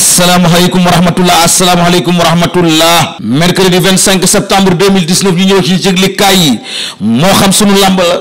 asalaamaaleykum wa rahmatullah asalaamaaleykum wa rahmatullah mercredi 25 septembre 2019 ñu ñëw ci yëglikaay yi moo xam sunu làmb la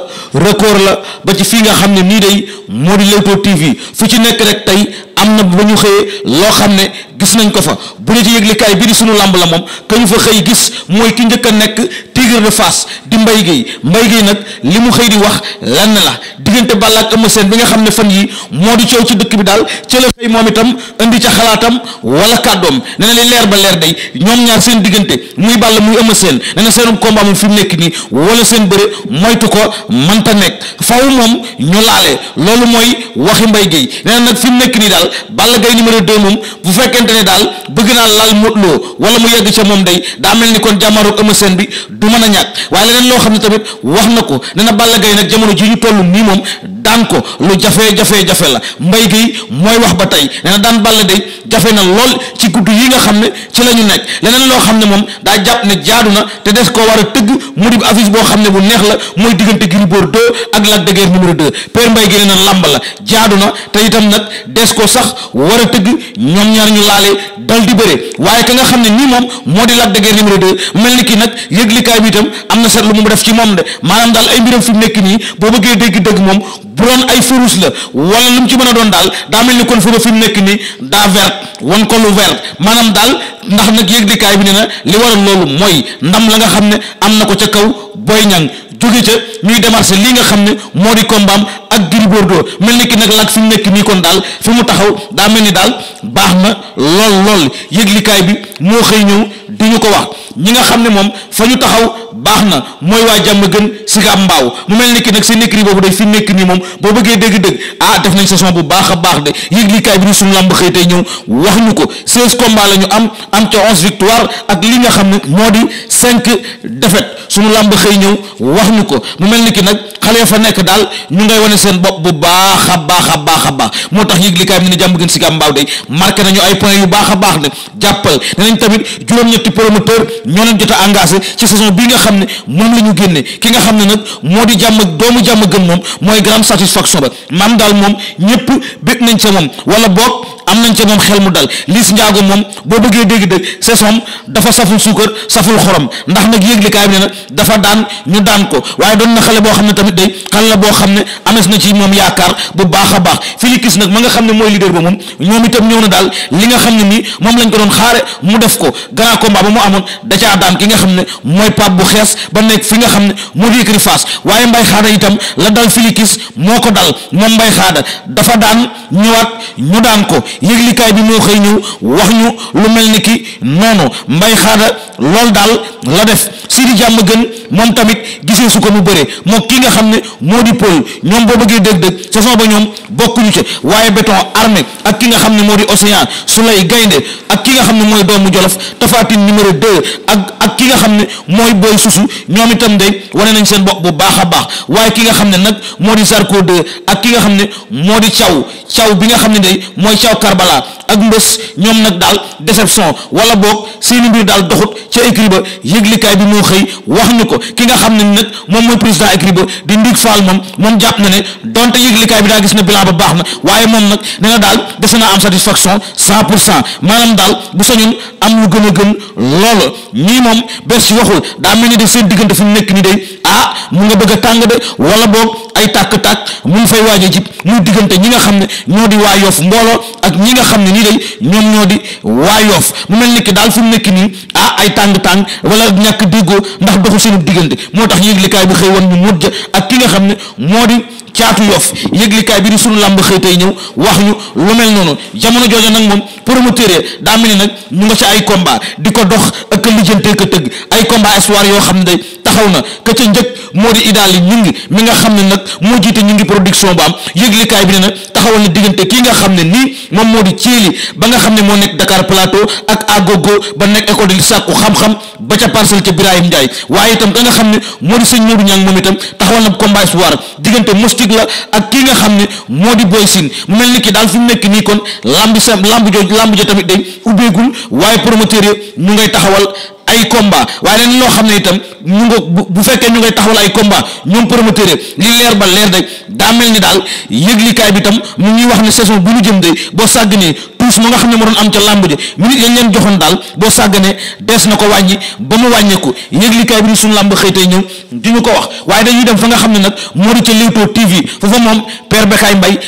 record la ba ci fii nga xam ne nii day moo di Leewtoo TV fu ci nekk rek tey am na ba ñu xëyee loo xam ne gis nañ ko fa bu ñu ci yëglikaay bii di sunu làmb la moom ka ñu fa xëy gis mooy ki njëkk a nekk Tigre de Fass di Mbaye Gueye Mbaye Gueye nag li mu xëy di wax lenn la diggante Balla ak Eumeu Sène bi nga xam ne fan yi moo di coow ci dëkk bi daal ci la xëy moom itam indi ca xalaatam wala kàddoom nee na li leer ba leer day ñoom ñaar seen diggante muy Balla muy Eumeu Sène nee na seenum combat moom fi mu nekk nii wala seen bëre moytu ko mënta nekk faw moom ñu laale loolu mooy waxi Mbaye Gueye nee na nag fi mu nekk nii daal Balla Gaye numéro 2 moom bu fekkente ne daal bëgg naa laal Modou Lo wala mu yegg ca moom day daa mel ni kon jàmmaaru Eumeu bi du mën a ñàkk leneen loo xam ne tamit wax na ko ne na Balla Gaye nag jamono ji ñu toll nii moom daan ko lu jafe-jafe-jafe la mbay gi mooy wax ba tey nee na daan bàll day jafe na lool ci guddi yi nga xam ne ci la ñu nekk leneen loo xam ne moom daa jàpp ne jaadu na te des koo war a tëgg mu di boo xam ne bu neex la mooy diggante Gris Bordeaux ak de Guiers numéro 2 père mbay gi nee na làmb la jaadu na te itam nag des ko sax war a tëgg ñoom ñaar ñu laalee dal di bëre waaye ka nga xam ne nii moom moo di Lac de Guiers numéro mel ni ki nag yëglikaay bi itam am na seetlu mu def ci moom de maanaam daal ay mbiram fi mu nekk nii boo bëggee dégg dëgg moom bu doon ay furus la wala lu mu ci mën a doon daal daa mel ni kon foofu fi mu nekk nii daa vert wan ko lu vert maanaam daal ndax nag yëg dikaay bi ne na li waral loolu mooy ndam la nga xam ne am na ko ca kaw Boy Niang jóge ca ñuy démarché li nga xam ne moo di kombaam ak Gris Bordeaux mel ni ki nag lak fi mu nekk nii kon daal fi mu taxaw daa mel ni daal baax na lool lool yëglikaay bi moo xëy ñëw di ñu ko wax ñi nga xam ne moom fa ñu taxaw baax na mooy waa jàmm gën si ka mbaaw mu mel ni ki nag seen écrit boobu day fi nekk nii moom boo bëggee dégg ah def nañ saison bu baax a baax de yëglikaay bi ñu suñu làmb xëy tey ñëw wax ñu ko seize combats la ñu am am ca onze victoire ak li nga xam ne moo di cinq défaites suñu làmb xëy ñëw wax wax ñu ko mu mel ni ki nag xale fa nekk daal ñu ngay wane seen bopp bu baax a baax a baax a baax moo tax yëglikaay bi ne jàmm gën sikaam mbaaw day marqué nañu ay point yu baax a baax ne jàppal danañ tamit juróom-ñetti promoteur ñoo leen jot a engagé ci saison bi nga xam ne moom la ñu génne ki nga xam ne nag moo di jàmm doomu jàmm gën moom mooy grande satisfaction ba maam daal moom ñëpp bëgg nañ ca moom wala boog am nañ ca moom xel mu dal Liss Ndiago moom boo bëggee dégg dëgg saison dafa saful suukar saful xorom ndax nag yëglikaay bi ne na dafa daan ñu daan ko waaye doon na xale boo xam ne tamit day xale la boo xam ne ames na ci moom yaakaar bu baax a baax Félix nag ma nga xam ne mooy leader ba moom ñoom itam ñëw na daal li nga xam ne moom lañ ko doon xaare mu def ko grand combat ba mu amoon da caa daan ki nga xam ne mooy Pape bu xees ba nekk fi nga xam ne moo di écurie waaye mbay xaada itam la dal Félix moo ko dal moom mbay xaada dafa daan ñëwaat ñu daan ko yëglikaay bi moo xëy ñu wax ñu lu mel ni ki noonu mbay xaada lool daal la def Sidi jàmm gën moom tamit gisee su ko mu bëree moo ki nga xam ne moo di pël ñoom boo bëggee dëgg-dëgg saison ba ñoom bokkuñu ca waaye béton armé ak ki nga xam ne moo di océan su gaynde ak ki nga xam ne mooy doomu jolof tafaatin numéro 2 ak ki nga xam ne mooy booy susu ñoom itam day wane nañ seen bopp bu baax a baax waaye ki nga xam ne nag moo di sarko 2 ak ki nga xam ne moo di caw caw bi nga xam ne day mooy caw Karbala ak mbës ñoom nag daal déception wala boog seeni mbir daal doxut ca écrit ba yëglikaay bi moo xëy wax ñu ko ki nga xam ne nag moom mooy président écrit ba di Ndig Fall moom moom jàpp na ne donte yëglikaay bi daa gis na bilan ba baax na waaye moom nag nee na daal dese naa am satisfaction cent daal bu sañoon am lu gën a gën loolu ñii moom bés ci waxul daa mel ni de seen diggante fi nekk ni day ah mu nga bëgg a tàng de wala boog ay tàkk-tàkk mu ngi fay waaj a jib muy diggante ñi nga xam ne moo di waa yoof mbooloo ak ñi nga xam ne nii day ñoom ñoo di waa yoof mu mel ni daal fu mu nekk nii ah ay tàng-tàng wala ñàkk déggoo ndax doxu seen diggante moo tax yéeg likaay bu xëy woon ñu mujj ak ki nga xam ne moo di caatu yoof yëglikaay bi di sunu làmb xëy tey ñëw wax ñu lu noonu jamono jooju nag moom promoteur yi daa mel ni nag ñu nga ca ay combat di ko dox ak lijjantee ko tëgg ay combat espoir yoo xam ne day taxaw na ka ca njëkk moo di idaal yi ñu ngi mi nga xam ne nag moo jiite ñu ngi production ba am yëglikaay bi ne nag taxawal na diggante kii nga xam ne nii moom moo di ceeli ba nga xam ne moo nekk Dakar Plateau ak agogo ba nekk école di sàkku xam-xam ba ca parcelle ca Birahim Ndiaye waaye itam ka nga xam ne moo di sëñ Modou Niang moom itam taxawal na combat espoir diggante Fatick la ak kii nga xam ne moo di Boy Sine mu mel ni ki daal fi mu nekk nii kon lamb sam lamb jooju làmb jo tamit day ubbeegul waaye promoteur yi mu ngay taxawal ay combat waaye leen loo xam ne itam mu nga bu fekkee ñu ngay taxawal ay combat ñoom promoteur li leer ba leer de daa mel ni daal yëglikaay bi itam mu ñuy wax ne saison bu mu jëm de boo sàgg nee avance mu nga xam ne moo doon am ca làmb ji minute yañ leen joxoon daal boo sàgganee dees na ko wàññi ba mu wàññeeku yëglikaay bi ni suñu làmb xëy ñëw di ñu ko wax waaye nga xam ne nag moo di ca Leewtoo TV foofa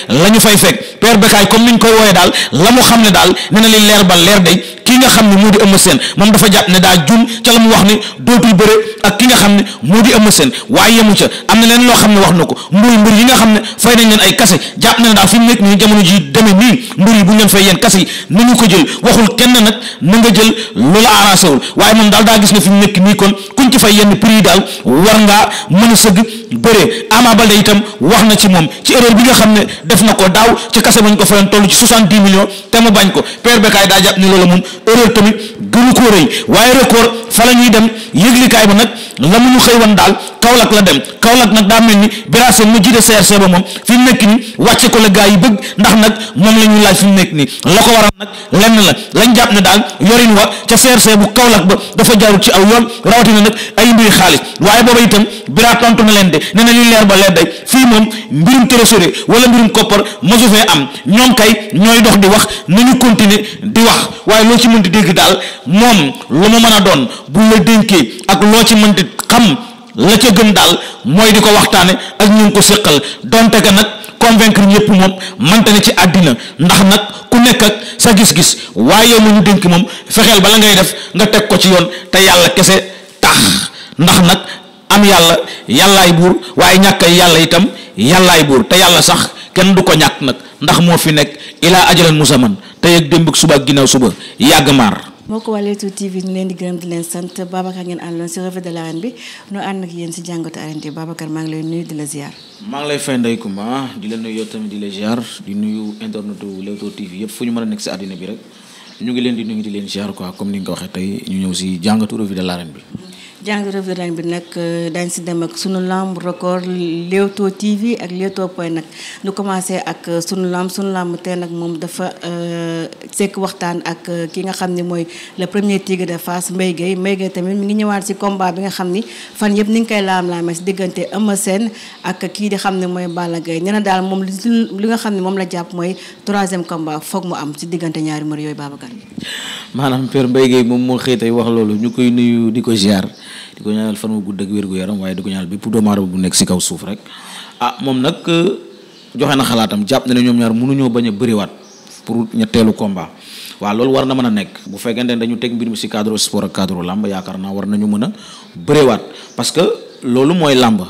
la ñu fay fekk Père Bekaay comme niñ koy wooye daal la mu xam ne daal ne na li leer ba leer day ki nga xam ne moo di Eumeu Sène moom dafa jàpp ne daa jum ca la mu wax ne dootul bëre ak ki nga xam ne moo di Eumeu Sène waaye yemu ca am na leen loo xam ne wax na ko mbur mbur yi nga xam ne fay nañ leen ay kase jàpp na ne daal fi mu nekk nii jamono place yi na ñu ko jël waxul kenn nag na jël lu la waaye moom daal daa gis ne fi nekk nii kon kuñ ci fay yenn prix yi daal war ngaa mën a sëgg bëree Ama itam wax na ci moom ci erreur bi nga xam ne def na ko daaw ci kase bañ ko fayoon toll ci soixante-dix millions te mu bañ ko père daa jàpp ni loolu moom erreur tamit gënu ko rëy waaye record fa la dem yëglikaay ba nag la mu ñu xëy woon daal Kaolack la dem Kaolack nag daa mel ni Biraseen ba moom fi mu nekk nii wàcce ko la gaa yi la ko waral nag lenn la lañ jàpp ne daal yorin wa ca CRC bu Kaolack ba dafa jaarul ci aw yoon rawatina nag ay mbiri xaalis waaye booba itam bira tontu na leen de nee na li leer ba leer day fii moom mbirum trésorier wala mbirum koppar mosu fee am ñoom kay ñooy dox di wax nañu continuer di wax waaye loo ci mënti dégg daal moom lu mu mën a doon bu la dénkee ak loo ci mënti xam la ca gën daal mooy di ko waxtaane ak ñu ko séqal donte ga nag convaincre ñëpp moom mante ne ci àddina ndax nag ku nekk ak sa gis-gis waaye yow ma ñu dénk moom fexeel bala ngay def nga teg ko ci yoon te yàlla kese tax ndax nag am yàlla yàllaay buur waaye ñàkk yàlla itam yàllaay buur te yàlla sax kenn du ko ñàkk nag ndax moo fi nekk ilaa ajalan musaman tey ak démb ak suba ak ginnaaw suba yàgg maar mbokk waa Leewtoo TV ñu leen di gërëm di leen sant Babacar ngeen àndaloon si revue de l'arène bi ñu ànd ak yéen si jàngatu arène bi Babacar maa ngi lay nuyu di la ziar. maa ngi lay fay Ndeye Coumba di la nuyu yow tamit di la ziar di nuyu internet Leewtoo TV yëpp fu ñu mën a nekk si àddina bi rek ñu ngi leen di nuyu di leen ziar quoi comme ni nga ko tey ñu ñëw si jàngatu revue de l'arène bi. jàng revue bi nag euh, dañ si dem ak sunu lamb record Leewtoo TV ak Leewtoo point nag nu commencé ak euh, sunu lamb sunu lamb tey nag moom dafa euh, sekk waxtaan ak kii nga xam ni mooy le premier tigre de Fass mbay Guèye Mbaye Guèye tamit mi ngi ñëwaat si combat bi nga xam ni fan yëpp ni ngi koy laam-laamee si diggante Eumeu Sène ak kii di xam ne mooy Balla Gaye nee daal moom li nga xam ne moom la jàpp mooy troisième combat foog mu am si diggante ñaari mbër yooyu Babacar. maanaam Père Mbaye Guèye moom moo xëy tey wax loolu ñu koy nuyu di ko ziar. di ko ñaanal fan ak wér yaram waaye di ko ñaanal bépp doomu bu nekk si kaw suuf rek ah moom nag euh, joxe na xalaatam jàpp na ne ñoom ñaar mënuñoo bañ a bëriwaat pour ñetteelu combat waaw loolu war na mën a nekk bu fekkente ne dañu teg mbir mi si cadre sport ak cadre làmb yaakaar naa war nañu mën a bëriwaat parce que loolu mooy làmb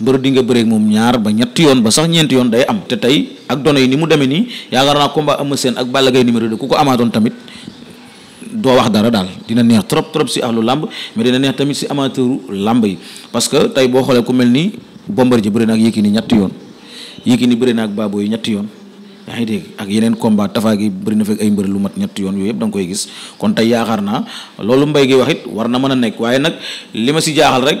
mbër di nga moom ñaar ba ñetti yoon ba sax ñeenti yoon day am te tey ak données yi ni mu demee nii yaakaar naa combat Eumeu ak doo wax dara daal dina neex trop trop si ahlu làmb mais dina neex tamit si amateuru làmb yi parce que boo xoolee ku mel ni Bombardier bëri na ak Yékini ñetti yoon Yékini bëri na ak ak yeneen combat yoon yooyu yëpp da koy gis kon tey yaakaar naa loolu mbay gi wax war na mën a nekk waaye nag li ma si jaaxal rek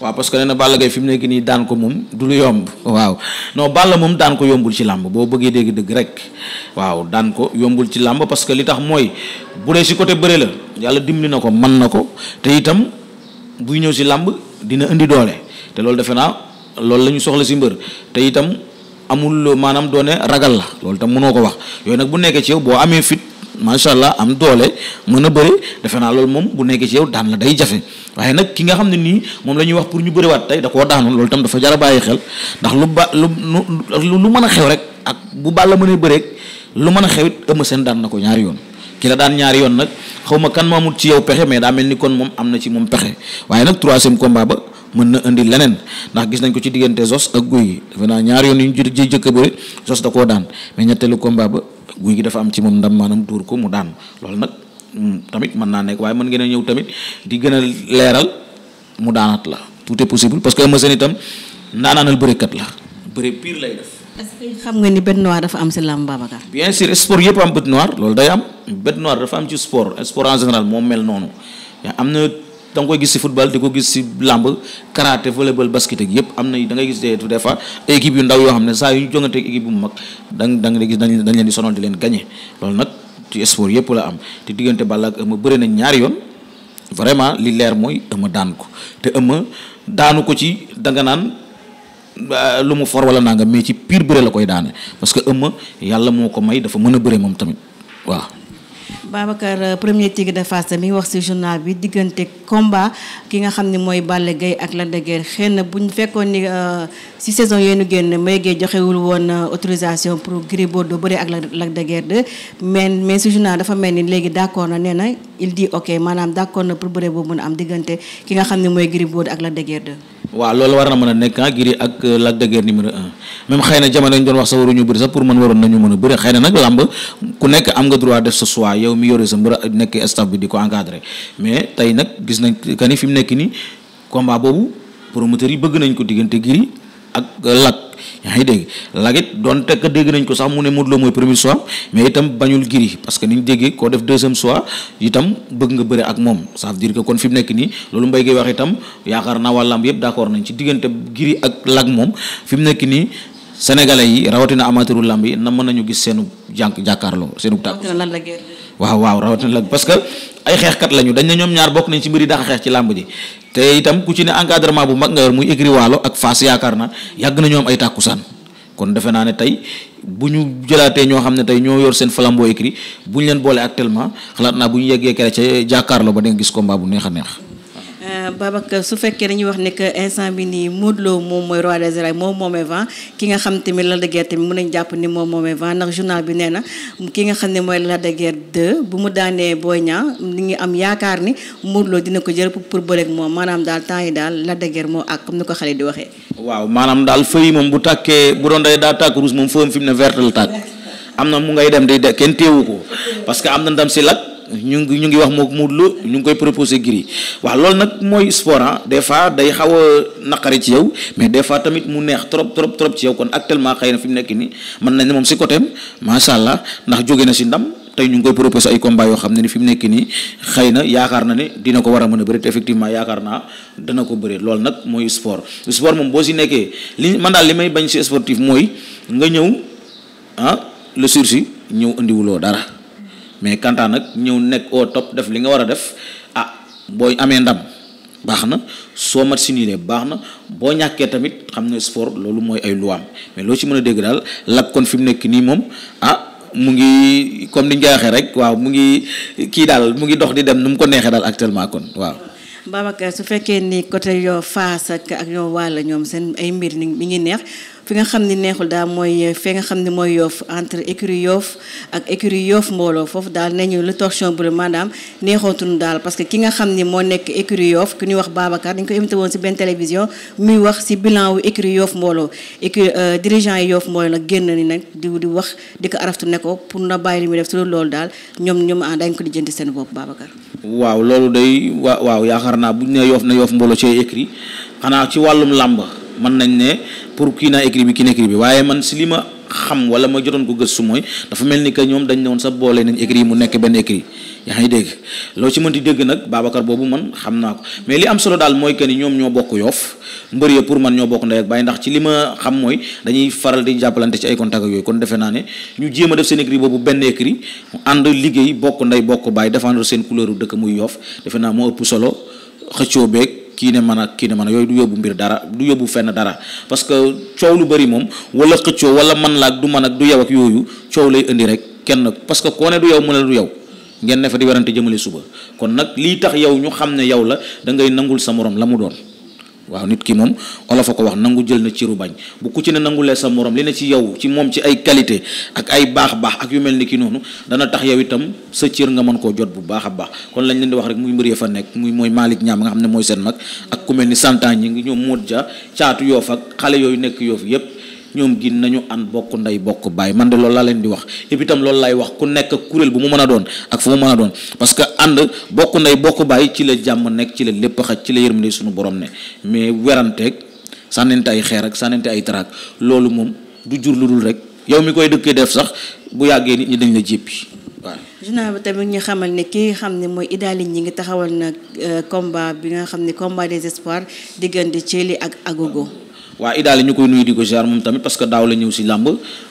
waaw parce que nee na Balla fi mu nekk nii daan ko moom du lu yomb waaw non Balla moom daan ko yombul ci làmb boo bëggee dégg dëgg rek waaw daan ko yombul ci làmb parce que li tax mooy bu dee si côté bëre la yàlla dimbali na ko man na ko te itam buy ñëw si làmb dina indi doole te loolu defe naa loolu la ñu soxla si mbër te itam amul maanaam doone ragal la loolu itam mënoo ko wax yooyu nag bu nekkee ci yow boo amee fit macha allah am doole mën a bëre defe naa lool moom bu nekkee ci yow daan la day jafe waaye nag ki nga xam ne nii moom la ñuy wax pour ñu bëriwaat tey da koo daanoon loolu tam dafa jar a xel ndax lu ba lu lu lu mën a xew rek ak bu Balla mënee bëreeg lu mën a xew it Eumeu Sène daan na ko ñaari yoon ki la daan ñaari yoon nag xaw ma kan moomul ci yow pexe mais daa mel ni kon moom am na ci moom pexe waaye nag troisième combat ba. mën na indi leneen ndax gis nañ ko ci diggante Zos ak Guy yi naa ñaar yoon yu ñu jë jëkk a bëri Zos koo daan mais ñetteelu guy gi dafa am ci moom ndam maanaam dóor ko mu daan loolu nag mm, tamit mën naa nekk waaye mën ngeen a ñëw tamit di gën a leeral mu daanat la tout est possible parce que Eumeu Sène itam ndaanaanal bërekat la bëre pire lay def. xam nga ni bête noire dafa am ci làmb Babacar. bien sûr sport yëpp am bête noire loolu day am bête noire dafa am ci sport sport en général moom mel noonu am na. da nga koy gis si football di ko gis si lamb karaté volleyball basket ak yëpp am na da ngay gis des fois équipe yu ndaw yoo xam ne saa yu ñu jongante ak équipe bu mag dang da nga gis dañ dañ leen di sonal di leen gagné loolu nag ci sport yëpp la am te diggante Balla ak Eumeu bëri nañ ñaari yoon vraiment li leer mooy Eumeu daan ko te Eumeu daanu ko ci danga naan ah, lu mu for wala nanga mais ci pire bëri la koy daane parce que Eumeu yàlla moo ko may dafa mën a bëre moom tamit Babacar euh, premier tigre de Fass mi wax ci journal bi diggante combat ki nga xam ne mooy Balla Gaye ak Lac de Guiers xëy na bu ñu fekkoon ni euh, ci saison yooyu nu génn Mbaye Guèye joxewul woon euh, autorisation pour Gris Bordeaux bëre ak Lac de Guiers 2 mais mais ci journal dafa mel ni léegi d'accord na nee na il dit ok maanaam d'accord na pour bëre boobu mën a am diggante ki nga xam ne mooy Gris Bordeaux ak Lac de waaw loolu war na mën a nekk ah Gris ak euh, Lac de Guiers numéro un même xëy na jamono ñu doon wax sa waruñu bëri sax pour man waroon nañu mën a bëri xëy na nag làmb ku nekk am nga droit def sa choix yow mi yore sa a nekk staff bi di ko encadrer mais tey nag gis nañ que ni fi mu nekk nii combat boobu promoteurs yi bëgg nañ ko diggante Gris ak Lac yaa ngi dégg lagit donte que dégg nañ ko sax mu ne Modou Lo mooy premier choix mais itam bañul Gris parce que niñ déggee koo def deuxième choix itam bëgg nga bëre ak moom ça veut que kon fi mu nekk nii loolu Mbaye Gueye wax itam yaakaar naa waa lamb yëpp d'accord nañ ci diggante Gris ak Lac moom fi mu nekk nii sénégalais yi rawatina amateuru lamb yi na mën nañu gis seenu jànk jàkkaarloo seenu tàkk waaw waaw rawatina la parce que ay xeexkat lañu dañ ne ñoom ñaar bokk nañ ci mbir yi dax xeex ci làmb ji te itam ku ci ne encadrement bu mag nga yor muy écrit waalo ak Fass yaakaar na yàgg na ñoom ay saan kon defe naa ne tey bu ñu jëlaatee ñoo xam ne tey ñoo yor seen flambeau écrit bu ñu leen boole actuellement xalaat naa bu ñu yeggee kere ca jàkkaarloo ba di gis combat bu neex a neex Babacar su fekkee dañuy wax ne que instant bi nii Modou Lo moom mooy roi des arènes moom moomee vent ki nga xam tamit Lac de Guiers tamit mën nañ jàpp ni moom moomee vent ndax journal bi nee na ki nga xam ne mooy Lac de Guiers 2 bu mu daanee Boy Niang li ngi am yaakaar ni Modou Lo dina ko jël pour bëreeg moom maanaam daal temps yi daal Lac de Guiers moo ak comme ni ko xale di waxee waaw maanaam daal fëy moom bu tàkkee bu doon day daa tàkk rouge moom fëam fi mu ne vert la tàkk am na mu ngay dem day kenn téewu ko parce que am na ndam si Lac ñu ngi ñu ngi wax mook Modou Lo ñu ngi koy proposé Gris waaw loolu nag mooy sport ah. des fois day xaw a naqari ci yow mais des fois tamit mu neex trop trop trop ci yow kon actuellement xëy na fi mu nekk nii mën nañ ne moom si côté macha allah ndax jóge na si ndam tey ñu ngi koy proposé ay combat yoo xam ne ni fi mu nekk nii xëy na yaakaar na ne dina ko war a mën a bëri te yaakaar naa dana ko bëri loolu nag mooy sport sport moom boo si nekkee li man daal li may bañ si sportif mooy nga ñëw ah le sursis ñëw indiwuloo dara. mais kantaan nag ñëw nekk oo topp def li nga war a def ah boo amee ndam baax na soo mat si nii baax na boo ñàkkee tamit xam ne sport loolu mooy ay luwaam mais loo ci mën a dégg daal Lac kon fi mu nekk nii moom ah mu ngi comme ni nga waxee rek waaw mu ngi kii daal mu ngi dox di dem nu mu ko neexee daal actuellement kon waaw. Babacar su fekkee ni côté yoo Fass ak ak yoo wàll ñoom seen ay mbir mi ngi neex. fi nga xam ni neexul daal mooy euh, fi nga xam ni mooy yoof entre écurie yoof ak écurie yoof mbooloo foofu daal nañu le torchon bleu maanaam neexootuñu daal parce que ki nga xam ni moo nekk écurie yoof ku ñuy wax Babacar dañ ko invité woon si benn télévision muy wax si bilan wu écurie mbooloo écurie euh, yoof mbooloo nag génn ni nag di di wax di ko araftu ne ko pour na bàyyi li muy def su loolu daal ñoom ñoom ah dañ ko di jënd seen bopp Babacar waaw loolu day waaw yaakaar naa bu ne yoof na yoof mbooloo ci écurie xanaa ci wàllum làmb mën nañ ne pour kii naa écrit bi kii na écrit bi waaye man si li ma xam wala ma jotoon ko gëstu mooy dafa mel ni que ñoom dañ ne woon sa boole nañ écrit yi mu nekk benn écrit yaa ngi dégg loo ci mënti dégg nag Babacar boobu man xam naa ko mais li am solo daal mooy que ni ñoom ñoo bokk yoof mbër ya pour man ñoo bokk ndey ak ndax ci li ma xam mooy dañuy faral di jàppalante ci ay contact yooyu kon defe naa ne ñu jéem a def seen écrit boobu benn écrit ànd liggéey bokk ndey bokk bàyyi défendre seen couleur dëkk muy yoof defe naa moo ëpp solo xëccoo beek kii ne man a kii ne man a yooyu du yóbbu mbir dara du yóbbu fenn dara parce que coow lu bëri moom wala xëccoo wala man laak du man ak du yow ak yooyu coow lay indi rek kenn parce que koo ne du yow mu ne du yow ngeen ne fa di werante jëmale suba kon nag lii tax yow ñu xam ne yow la dangay ngay nangul sa morom la mu doon waaw nit ki moom olof a ko wax nangu jël na ciru bañ bu ku ci ne lee sa morom li ne ci yow ci moom ci ay qualité ak ay baax baax ak yu mel ni ki noonu dana tax yow itam sa cir nga mën koo jot bu baax a baax kon lañ leen di wax rek muy mbër ya fa nekk muy mooy Malick Ñaam nga xam ne mooy seen mag ak ku mel ni santaan ñi ngi ñoom Modja caatu Yoof ak xale yooyu nekk yoofu yépp ñoom gi nañu ànd bokk ndey bokk baay man de loolu laa leen di wax et puis tam loolu laay wax ku nekk kuréel bu mu mën a doon ak fu mu mën a doon parce que ànd bokk ndey bokk baay ci la jàmm nekk ci la lépp xaj ci la yërmande suñu borom ne mais weranteeg sànnente ay xeer ak sànnente ay taraak loolu moom du jur lu dul rek yow mi koy dëkkee def sax bu yàggee nit ñi dañ la jéppi waaw journal ba tamit ñu xamal ne ki nga xam ne mooy idaali ñi ngi taxawal na euh, combat bi nga xam ne combat des espoirs diggante Thielly ak Agogo waa idaale ñu koy nuyu di ko ziar moom tamit parce que daaw la ñëw si làmb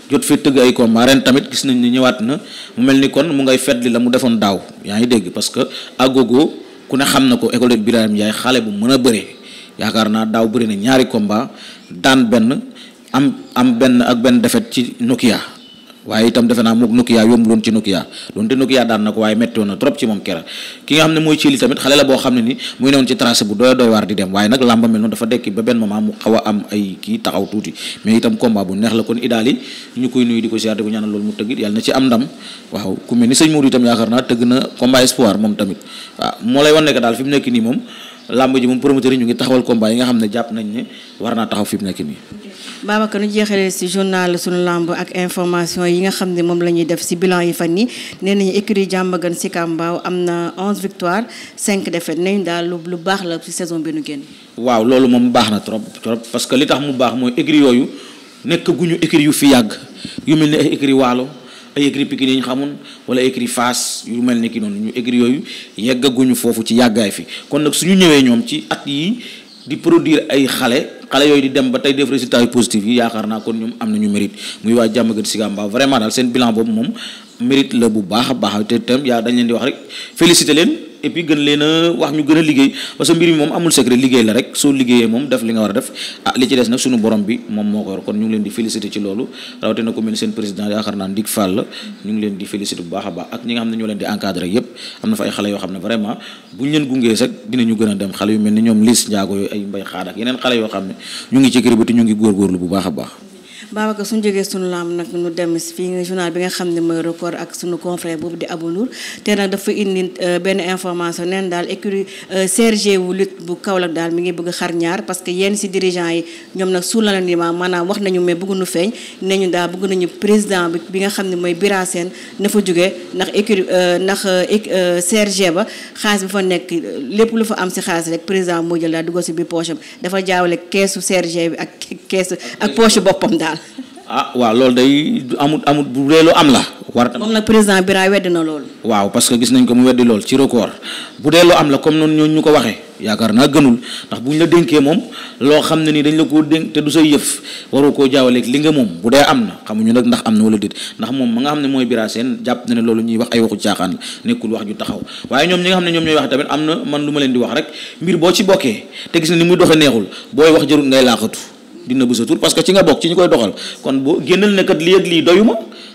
jot fi tëgg ay combat ren tamit gis nañ ne ñëwaat na mu mel ni kon mu ngay li la mu defoon daaw yaa ngi dégg parce que agogo ku ne xam na ko école Birahim Ndiaye xale bu mën a bëre yaakaar naa daaw bëri na ñaari komba daan benn am am benn ak benn defet ci Nokia. waaye itam defe naa mook Nokia yomb loon ci Nokia doonte Nokia daan na ko waaye metti woon na trop ci moom kera ki nga xam ne mooy Thierry tamit xale la boo xam ne ni muy di dem waaye nag lamba mel noonu dafa dekki am ay kii taxaw tuuti mais itam neex la kon idaali ñu koy nuyu di ko ziar di ko loolu mu tëgg yàlla na ci am ndam waaw ku mel ni sëñ Modou itam yaakaar naa tëgg na combat espoir moom tamit waaw moo lay wan nekk daal fi nekk nii moom làmb ji moom promoteur yi ñu ngi taxawal combat yi nga xam ne jàpp nañ ne war naa taxaw fi mu nekk nii. Babacar ñu jeexalee ci journal sunu làmb ak information yi nga xam ne moom la ñuy def ci bilan yi fan yi nee nañu écurie Diamaguène Sicap Mbao am na 11 victoires cinq défaites nañ daal lu baax la ci saison bi nu génn. waaw loolu moom baax na trop trop parce que li tax mu baax mooy écurie yooyu nekk guñu écurie yu fi yàgg yu mel ni ay écurie waalo. ay écurie Pikine yi ñu xamoon wala écurie Fass yu mel ni ki noonu ñu écurie yooyu yeggaguñu foofu ci yàggaay fi kon nag su ñu ñëwee ñoom ci at yi di produire ay xale xale yooyu di dem ba tey def résultat yu positif yi yaakaar naa kon ñoom am nañu mérite muy waa jàmm gën si gàmbaaw vraiment daal seen bilan boobu moom mérite la bu baax a baax te tam yaa dañ leen di wax rek félicité leen et puis gën leen a wax ñu gën a liggéey parce que mbir mi moom amul secret liggéey la rek soo liggéeyee moom def li nga war a def ah li ci des nag suñu borom bi moom moo ko yor kon ñu ngi leen di féliciter ci loolu rawatina ku mel ni seen président yaakaar naa Ndik Fall ñu ngi leen di féliciter bu baax a baax ak ñi nga xam ne ñoo leen di encadrer yépp am na fa ay xale yoo xam ne vraiment buñ leen gungee sax dinañu gën a dem xale yu mel ni ñoom Liss Ndiago ay mbay xaad ak yeneen xale xam ne ñu ngi ci kër bi bu a baax Babacar suñu jógee sunu lamb nag nu dem fii journal bi nga xam ne mooy record ak sunu confrère boobu di Abou Nour te nag dafa indi euh, benn information neen daal écurie Serge euh, wu lutte bu Kaolack daal mi ngi bëgg xar ñaar parce que yenn si dirigeant yi ñoom nag suulal ni ma maanaam wax nañu mais bëgguñu feeñ ne ñu daal bëgg nañu président bi bi nga xam ne mooy Bira Sène na fa jógee ndax écurie euh, ndax Serge ba xaalis bi fa nekk lépp lu fa am si xaalis rek président moo jël daal dugal si biir poche am dafa jaawale keesu Serge bi ak keesu ak poche boppam daal ah waaw loolu day amul amul bu dee lu am la. war moom nag président na loolu. waaw parce que gis nañ ko mu weddi lool ci record bu dee lu am la comme noonu ñooñu ñu ko waxee yaakaar naa gënul ndax bu ñu la dénkee moom loo xam ne ni dañ la koo dénk te du say yëf waroo koo li nga moom bu dee am na xamuñu nag ndax am ndax moom ma nga xam ne mooy Birame Sène jàpp na ne loolu wax ay waxu caaxaan la nekkul wax ju taxaw waaye ñoom ñi nga xam ne ñoom ñooy wax tamit am na man lu ma leen di wax rek mbir boo ci bokkee te gis na ni muy doxe neexul booy wax jarul ngay laaxatu di nëbb sa tur parce que ci nga bokk ci ñu koy doxal kon boo génnal ne kat lii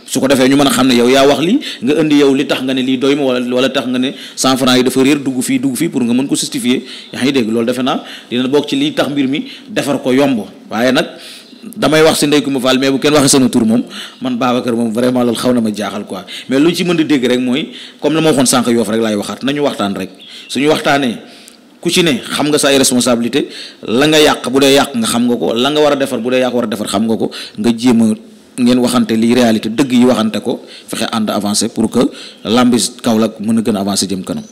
su ko defee ñu mën a xam ne yow yaa wax li nga indi yow li tax nga ne lii doy ma wala wala tax nga ne cent francs yi dafa réer dugg fii fii pour nga mën ko justifier yaa ngi dégg loolu defe naa dina bokk ci lii tax mbir mi defar ko yomb waaye nag damay wax si ndey ku ma faal mais bu kenn waxee sama tur moom man Babacar moom vraiment loolu xaw na ma jaaxal quoi mais lu ñu mën di dégg rek mooy comme la ma waxoon sànq yoof rek laay waxaat nañu waxtaan rek suñu waxtaanee ku ci ne xam nga sa ay responsabilité la nga yàq bu dee yàq nga xam nga ko la nga war a defar bu dee yàq war a defar xam nga ko nga jéem a ngeen waxante li réalité dëgg yi waxante ko fexe ànd avancé pour que làmbi Kaolack mën a gën a avancé jëm kanam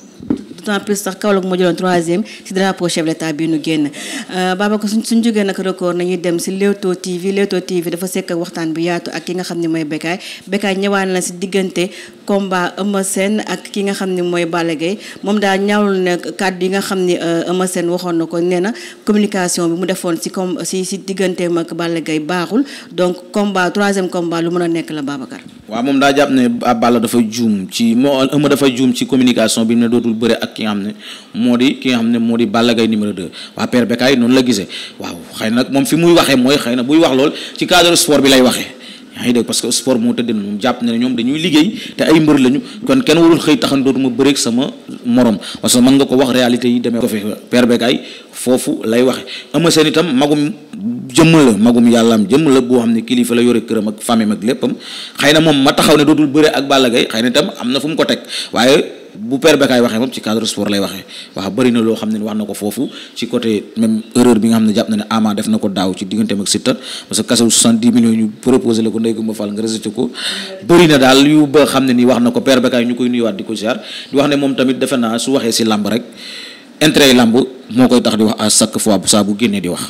d'autant plus sax Kaolack moo jëloon troisième ci drapeau chef d'état bi nu génn euh, Babacar suñ suñ jógee nag record nañuy dem si Leewtoo TV Leewtoo TV dafa sekk waxtaan bu yaatu ak ki nga xam ni mooy Bécaye Bécaye ñëwaan na si diggante combat Eumeu Sène nga xam ne mooy Balla Gaye moom euh, na ko nee na communication bi mu defoon si com si si digganteem ak Balla Gaye baaxul donc combat troisième combat lu mën a nekk la Babacar waaw moom daa jàpp ne Balla dafa juum ci moo Eumeu dafa juum ci communication bi mu ne dootul bëre ki nga xam ne moo di ki nga xam ne moo di Balla Gaye numéro 2 waa Père Bécaye noonu la gisee waaw xëy na nag moom fi muy waxee mooy xay na buy wax lool ci cadre sport bi lay waxee yaa ngi dégg parce que sport moo tëddee moom na ne ñoom dañuy liggéey te ay mbër lañu kon kenn warul xëy taxan dootuma bëreeg sama morom parce que mën nga ko wax réalité yi demee ko fi Père Bécaye foofu lay waxe Eumeu Sène itam magum jëmm la magum yàllaam jëmm la boo xam ne kilifa la yore këram ak famille ak léppam xëy na moom ma taxaw ne dootul bëre ak Balla xay na itam am na fu mu ko teg waaye bu père Bekaay waxee moom ci cadre sport lay waxee wax bëri na loo xam ne wax na ko foofu ci côté même erreur bi nga xam ne jàpp na ne Ama def na ko daaw ci digganteem ak Siteu parce que kase 70 millions ñu proposé la ko ndey Gumba Fall nga rejeté ko bëri na daal yu ba xam ne nii wax na ko père Bekaay ñu koy nuyuwaat di ko ziar di wax ne moom tamit defe naa su waxee si làmb rek intérêt yi làmb moo koy tax di wax à chaque fois saa bu génnee di wax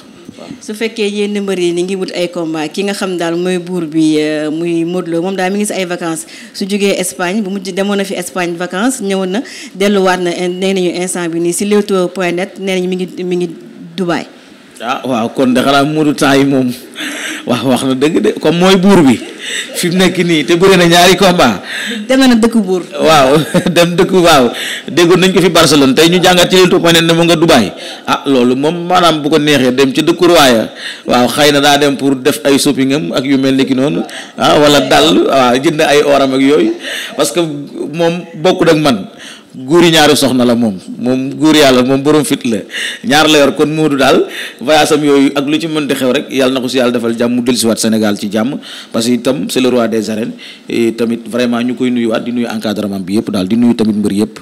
su fekkee yéen mbër yi ni ngi wut ay combat ki nga xam daal mooy buur bi euh, muy Modou Lo moom daal mi ngi si ay vacances su jógee Espagne bu mujj demoon na fi Espagne vacances ñëwoon na delluwaat na nee nañu instant bi nii si leewtoo point net nee nañu mi ngi mi ngi Dubaay. ah waaw kon de xanaa Modou temps yi moom waaw wax na dëgg de comme mooy buur bi fi mu nekk nii te bëri na ñaari combat dem na dëkk buur waaw dem dëkk waaw déggoon nañ ko fi Barcelone tey ñu jàngat ci leen tuuma ne mu nga Dubaay ah loolu moom maanaam bu ko neexee dem ca dëkku ruwaaya waaw xëy na daa dem pour def ay shopping ak yu mel ni ki noonu ah wala dal waaw jënd ay oram ak yooyu parce que moom bokkul ak man góori ñaari soxna la moom moom góor yàlla moom borom fit la ñaar la yor kon Modou daal voyage am yooyu ak lu ci mën mënti xew rek yàlla na ko si yàlla defal jàmm mu dellusiwaat Sénégal ci jàmm parce que itam c'est le des arènes et tamit vraiment ñu koy nuyuwaat di nuyu encadrement bi yëpp daal di nuyu tamit mbër yëpp.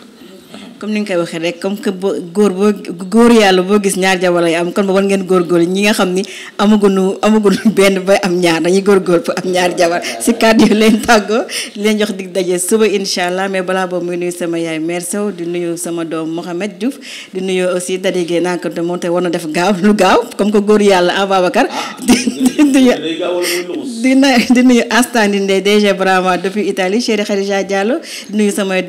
comme ni nga koy waxee rek comme que boo góor boo góor yàlla boo gis ñaar jabar lay am kon ba war ngeen góorgóorlu ñi nga xam ni amagunu amagunu benn ba am ñaar dañuy góorgóor ba am ñaar jabar si kàddu yi leen tàggoo di leen jox dig daje suba incha allah mais balaa boobu muy nuyu sama yaay mère di nuyu sama doom Mohamed Diouf di nuyu aussi dadigee naa ko moom te war na def gaaw lu gaaw comme que góor yàlla Ababacar ah, ah, di nuyu di nuyu Astani Ndeye DG Brahma depuis Italie chéri Khadija Diallo di nuyu samay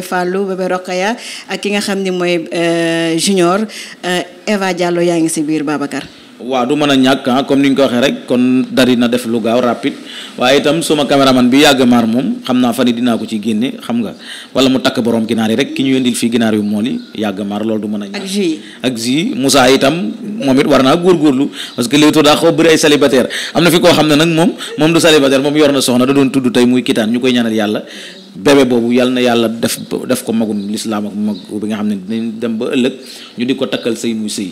bébé Fallou bébé ya ak ki nga xam ni mooy euh, junior euh, Eva Diallo yaa ngi si biir Babacar. waa du mën a ñàkk ah, comme ni nga ko waxee rek kon dari na def lu gaaw rapide waaye itam suma caméraman bi yàgg maar moom xam naa fa yii dinaa ko ci génne xam nga wala mu takk borom ginaar yi rek ki ñu yëndil fii ginaar yu mool yi yàgg maar loolu du mën a ñàkk. ak ji ak ji Moussa itam moom it war naa góorgóorlu parce que Leewtoo daa xaw bëri ay célibataire am na fi koo xam ne nag moom moom du moom yor na soxna da doon tudd tey muy kitaan ñu koy ñaanal yàlla bébé boobu yàlla na yàlla def def ko magum lislaam ak mag bi nga xam ne dinañ dem ba ëllëg ñu di ko takkal sëy muy sëy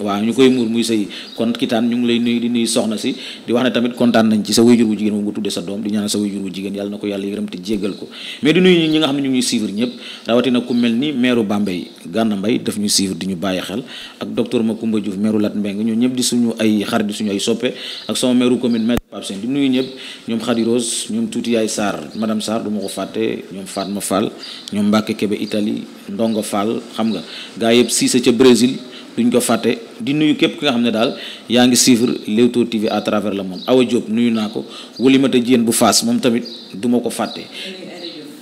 waaw ñu koy muur muy sëy kon kitaan ñu ngi lay nuy di nuyu soxna si di wax ne tamit kontaan nañ ci sa wayjur bu jigéen moom nga tudde sa doom di ñaanal sa wayjur bu jigéen yàlla na ko yàlla yërëm te jéggal ko mais di nuyu ñi nga xam ne ñu ngi suivre ñëpp rawatina ku mel ni maire Bambey Gana Mbaye daf ñu suivre di ñu bàyyi xel ak docteur Macoumba Diouf maire Lat Mbeng ñoo ñëpp di suñu ay xarit di suñu ay soppe ak sama Pape Sène di nuyu ñëpp ñoom Khady Rose ñoom tuuti yaay Sarr madame saar duma ko fàtte ñoom Fatma Fall ñoom Mbacke Kebe itali Ndongo Fall xam nga gaa yëpp Cissé ca Brésil duñ ko fàtte di nuyu képp ki nga xam ne daal yaa ngi suivre Leewtoo TV à la moom monde Awa Diop nuyu naa ko Woulimata Diène bu Fass moom tamit duma ko fàtte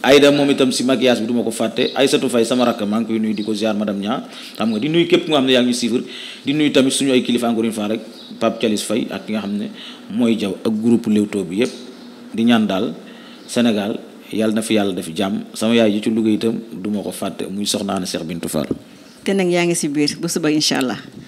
Aïda moom itam si maquillage bi du ma ko fàtte Aïssatou Faye sama rakk maa ngi koy nuyu di ko ziar madame Nia xam nga di nuyu képp nga xam ne yaa ngi suivre di nuyu tamit suñu ay kilifa encore une fois rek Pape Thialis Faye ak nga xam ne mooy jaw ak groupe Leewtoo bi yépp di ñaan daal Sénégal yàlla na fi yàlla def jàmm sama yaay ji ci Louga itam du ma ko fàtte muy soxnaane Cheikh Bintou Fall. te nag yaa ngi si biir bu suba incha allah.